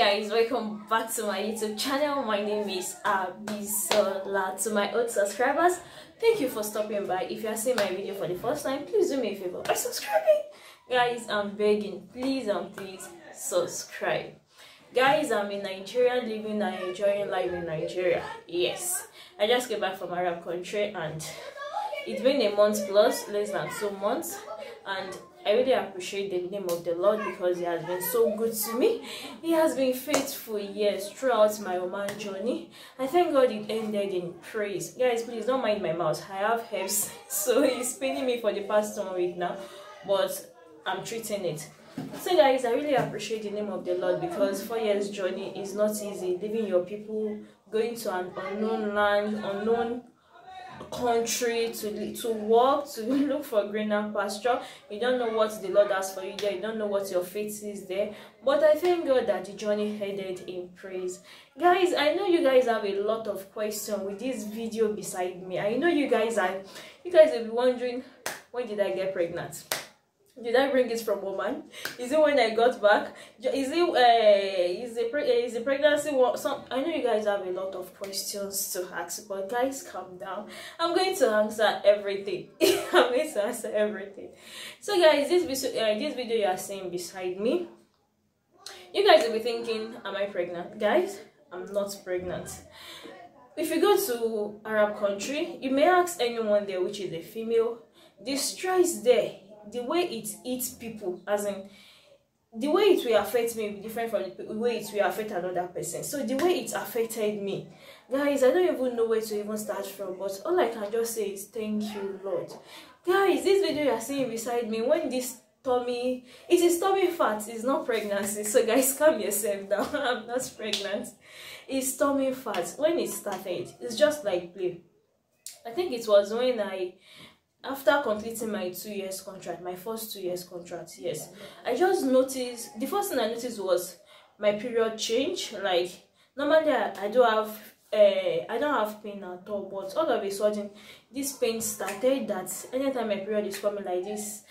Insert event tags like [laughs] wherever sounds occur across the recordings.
guys, welcome back to my YouTube channel. My name is Abisola. To my old subscribers, thank you for stopping by. If you are seeing my video for the first time, please do me a favor by subscribing. Guys, I'm begging, please and please subscribe. Guys, I'm in Nigeria, living and enjoying life in Nigeria. Yes, I just came back from Arab country and it's been a month plus, less than two months, and I really appreciate the name of the Lord because He has been so good to me. He has been faithful, yes, throughout my Oman journey. I thank God it ended in praise. Guys, please don't mind my mouth. I have hips, [laughs] so He's paining me for the past one week now, but I'm treating it. So guys, I really appreciate the name of the Lord because four years journey is not easy. Leaving your people, going to an unknown land, unknown country to to work to [laughs] look for greener pasture you don't know what the lord has for you there you don't know what your faith is there but i thank god that the journey headed in praise guys i know you guys have a lot of questions with this video beside me i know you guys are you guys will be wondering when did i get pregnant did I bring it from woman? Is it when I got back? Is it uh, is the pre eh, is the pregnancy Some I know you guys have a lot of questions to ask, but guys, calm down. I'm going to answer everything. [laughs] I'm going to answer everything. So guys, this video, uh, this video you are seeing beside me, you guys will be thinking, am I pregnant? Guys, I'm not pregnant. If you go to Arab country, you may ask anyone there which is a female. this stress there the way it hits people as in the way it will affect me will be different from the way it will affect another person so the way it affected me guys i don't even know where to even start from but all i can just say is thank you lord guys this video you are seeing beside me when this tummy it is tummy fat it's not pregnancy so guys calm yourself down [laughs] i'm not pregnant it's tummy fat when it started it's just like play i think it was when i after completing my two years contract, my first two years contract, yes, I just noticed the first thing I noticed was my period change. Like normally I, I do have uh, I don't have pain at all, but all of a sudden this pain started that anytime my period is coming like this,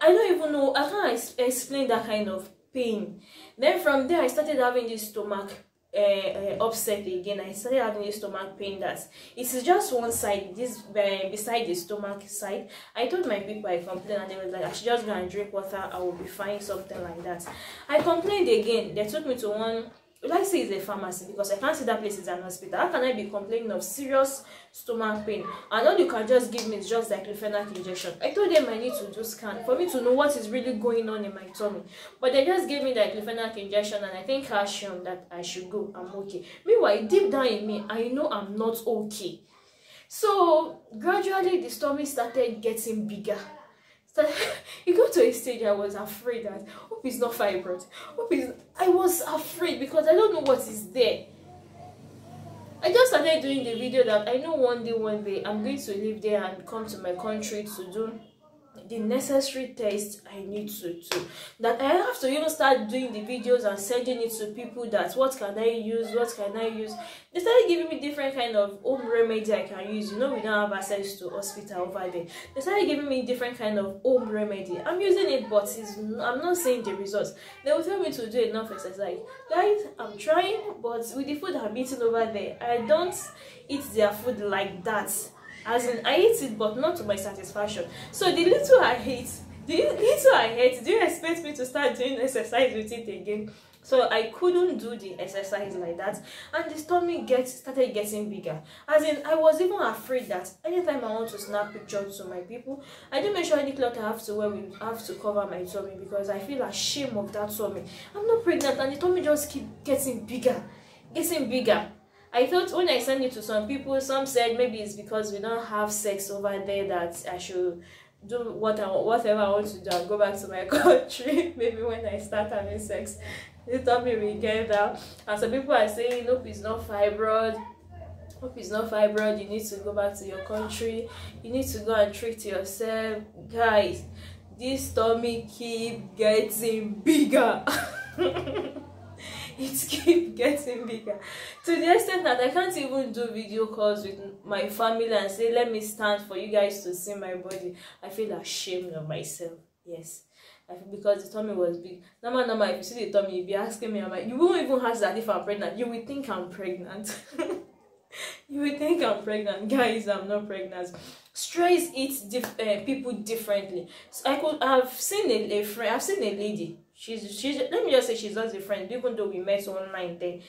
I don't even know I can't explain that kind of pain. Then from there I started having this stomach uh, upset again i started having stomach pain that it is just one side this uh, beside the stomach side i told my people i complained and they were like i should just go and drink water i will be fine something like that i complained again they took me to one would I say it's a pharmacy because I can't see that place is an hospital. How can I be complaining of serious stomach pain? And all you can just give me is just diclofenac injection. I told them I need to do scan for me to know what is really going on in my tummy. But they just gave me diclofenac injection and I think calcium that I should go. I'm okay. Meanwhile, deep down in me, I know I'm not okay. So gradually the stomach started getting bigger that it got to a stage I was afraid that hope is not fibroid. Hope is I was afraid because I don't know what is there. I just started doing the video that I know one day, one day I'm going to live there and come to my country to do the necessary tests I need to do. That I have to even start doing the videos and sending it to people that what can I use, what can I use. They started giving me different kind of home remedy I can use. You know, we don't have access to hospital over there. They started giving me different kind of home remedy. I'm using it, but I'm not seeing the results. They will tell me to do enough exercise. Guys, I'm trying, but with the food I'm eating over there, I don't eat their food like that. as in i ate it but not to my satisfaction so the little i ate the little i ate do you expect me to start doing exercise with it again so i couldn't do the exercise like that and the stomach get started getting bigger as in i was even afraid that anytime i want to snap pictures to my people i dey make sure any cloth i have to wear will have to cover my tummy because i feel ashamed of that tummy i'm not pregnant and the tummy just keep getting bigger getting bigger I thought when I sent it to some people, some said maybe it's because we don't have sex over there that I should do what I whatever I want to do and go back to my [laughs] country. maybe when I start having sex, they told me we get that. And some people are saying, nope, it's not fibroid. Hope it's not fibroid. You need to go back to your country. You need to go and treat yourself, guys. This tummy keep getting bigger. [laughs] it keep getting bigger to the extent that i can't even do video calls with my family and say let me stand for you guys to see my body i feel ashamed of myself yes I feel because the tummy was big. Normal, normal, if you see the tummy, you'll be asking me, I'm like, you won't even ask that if I'm pregnant. You will think I'm pregnant. [laughs] you will think I'm pregnant. Guys, I'm not pregnant. Stress eats diff- uh, eh, people differently. So I could, I've seen a, a friend, I've seen a lady she's she's let me just say she's just a friend even though we met online then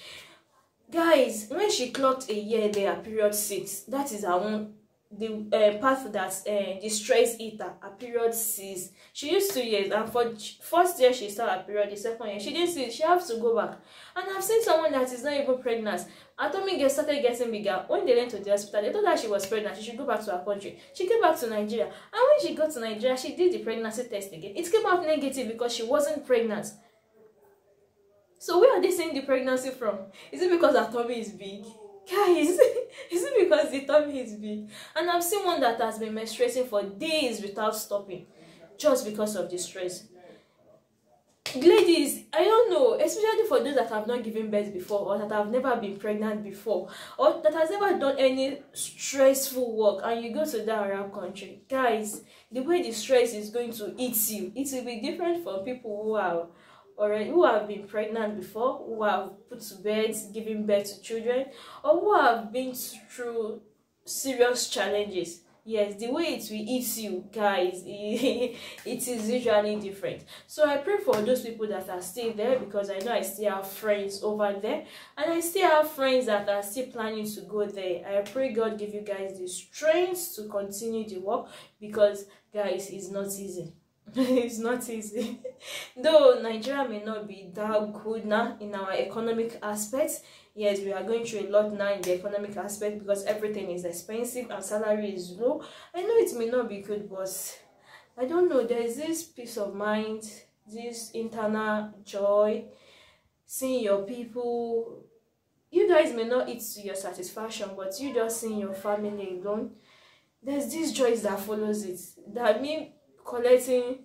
guys when she clocked a year there period six that is her own the uh, eh, path that uh, the stress eater her period sees she used two years and for first year she start her period the second year she didn't see she have to go back and i've seen someone that is not even pregnant Atomi tummy get started getting bigger when they went to the hospital they told her she was pregnant she should go back to her country she came back to nigeria and when she got to nigeria she did the pregnancy test again it came out negative because she wasn't pregnant so where are they seeing the pregnancy from is it because Atomi is big guys [laughs] because the tummy is big and i've seen one that has been menstruating for days without stopping just because of the stress ladies i don't know especially for those that have not given birth before or that have never been pregnant before or that has never done any stressful work and you go to that arab country guys the way the stress is going to eat you it will be different for people who are already who have been pregnant before, who have put to bed, giving birth to children, or who have been through serious challenges. Yes, the way it will eat you, guys, [laughs] it is usually different. So I pray for those people that are still there because I know I still have friends over there and I still have friends that are still planning to go there. I pray God give you guys the strength to continue the work because, guys, it's not easy. [laughs] it's not easy. [laughs] Though Nigeria may not be that good now in our economic aspect, yes, we are going through a lot now in the economic aspect because everything is expensive and salary is low. I know it may not be good, but I don't know. There is this peace of mind, this internal joy, seeing your people. You guys may not eat to your satisfaction, but you just seeing your family alone. There's this joy that follows it. That means collecting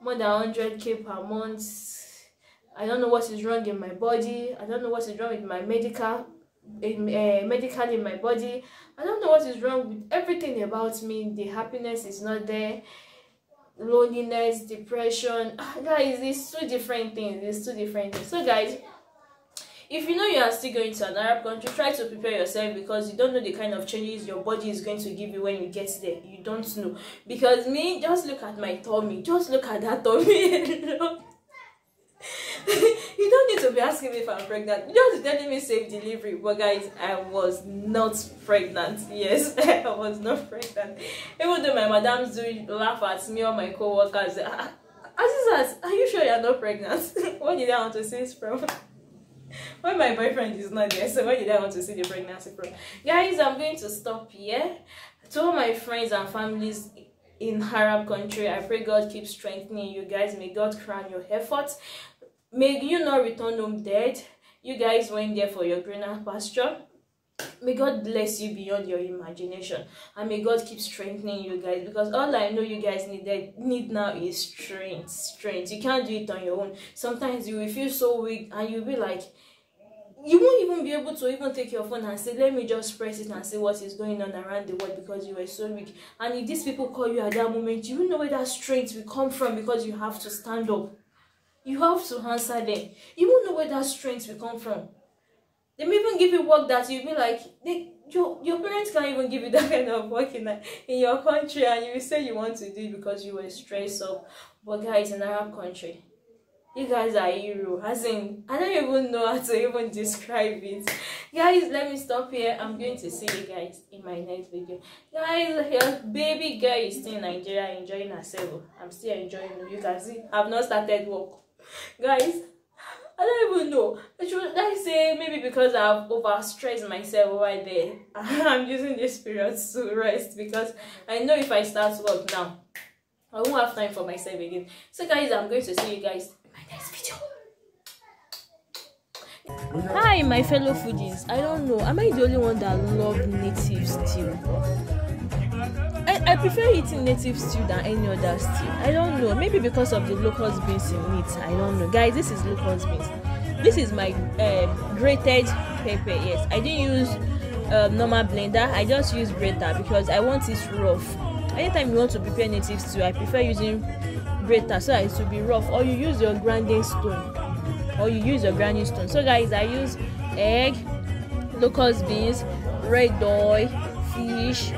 more than 100k per month. I don't know what is wrong in my body. I don't know what is wrong with my medical in, uh, eh, eh, medical in my body. I don't know what is wrong with everything about me. The happiness is not there. Loneliness, depression. Ah, guys, it's two different things. It's two different things. So guys, If you know you are still going to an Arab country, try to prepare yourself because you don't know the kind of changes your body is going to give you when you get there. You don't know. Because me, just look at my tummy. Just look at that tummy. [laughs] [laughs] you don't need to be asking me if I'm pregnant. You don't telling me safe delivery. But guys, I was not pregnant. Yes, [laughs] I was not pregnant. Even though my madams do laugh at me or my co-workers, ah, ah, ah, Azizas, are you sure you're not pregnant? what did I want to say from? when my boyfriend is not there so where did i want to see the pregnancy from guys i'm going to stop here to all my friends and families in arab country i pray god keep strengthening you guys may god crown your efforts may you not return home dead you guys went there for your greener pasture may god bless you beyond your imagination and may god keep strengthening you guys because all i know you guys needed need now is strength strength you can't do it on your own sometimes you will feel so weak and you'll be like you won't even be able to even take your phone and say let me just press it and see what is going on around the world because you are so weak and if these people call you at that moment you won't know where that strength will come from because you have to stand up you have to answer them you won't know where that strength will come from they may even give you work that you'll be like they your your parents can't even give you that kind of work in, in your country and you say you want to do it because you were stressed up but guys in arab country you guys are hero as in i don't even know how to even describe it guys let me stop here i'm going to see you guys in my next video guys your baby girl is still in nigeria enjoying herself i'm still enjoying you can see i've not started work guys i don't even know should i say maybe because i've overstressed myself right there [laughs] i'm using this period to rest because i know if i start work now i won't have time for myself again so guys i'm going to see you guys Hi, my fellow foodies. I don't know. Am I the only one that love native stew? I, I prefer eating native stew than any other stew. I don't know. Maybe because of the locust beans in meat. I don't know. Guys, this is locust beans. This is my uh, grated pepper. Yes, I didn't use uh, normal blender. I just use grater because I want it rough. Anytime you want to prepare native stew, I prefer using grater so that it will be rough or you use your grinding stone or you use your grinding stone so guys i use egg locust beans red oil fish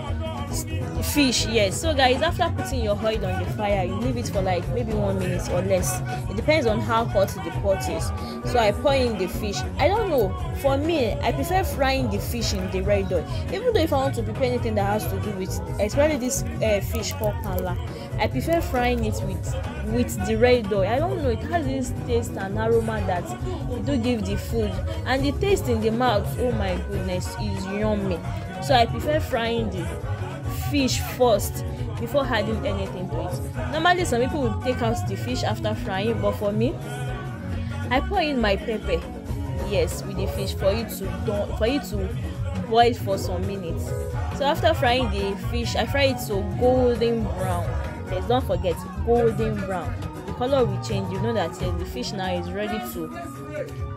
fish yes so guys after putting your oil on the fire you leave it for like maybe one minute or less it depends on how hot the pot is so i pour in the fish i don't know for me i prefer frying the fish in the red oil even though if i want to prepare anything that has to do with especially this uh, fish called pala i prefer frying it with with the red oil i don't know it has this taste and aroma that do give the food and the taste in the mouth oh my goodness is yummy so i prefer frying the fish first before adding anything to it normally some people will take out the fish after frying but for me i pour in my pepper yes with the fish for you to for you to boil for some minutes so after frying the fish i fry it to golden brown yes don't forget golden brown the color will change you know that yes the fish now is ready to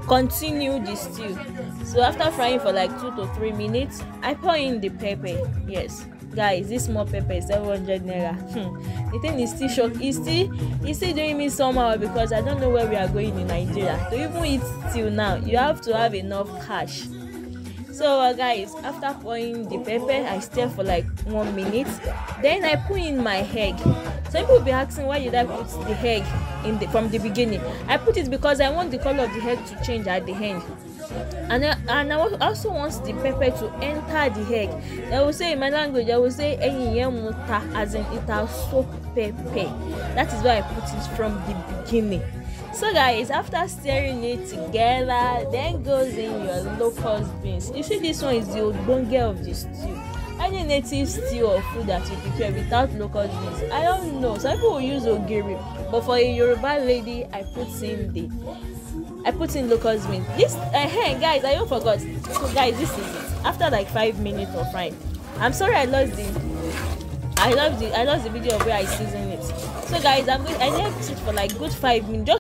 continue the stew so after frying for like two to three minutes i pour in the pepper yes guys this small pepper is seven hundred naira hmm. the thing is still shock e still e still doing me somehow because i don't know where we are going in nigeria to even eat till now you have to have enough cash so uh, guys after pouring the pepper i stir for like one minute then i put in my egg some people be asking why did i put the egg in the from the beginning i put it because i want the colour of the egg to change at the end and and I also want the pepper to enter the egg. I will say in my language, I will say muta as in it has soak pepper. That is why I put it from the beginning. So guys, after stirring it together, then goes in your locust beans. You see, this one is the ogbonge of the stew. Any native stew or food that you prepare without locust beans, I don't know. Some people use ogiri, but for a Yoruba lady, I put in simdi. I put in locust bean. This, uh, eh, hey guys, I even forgot. So guys, this is it. After like five minutes of frying, I'm sorry I lost the. I love the I lost the video of where I seasoned it. So guys, I'm I left it for like good five minutes. Just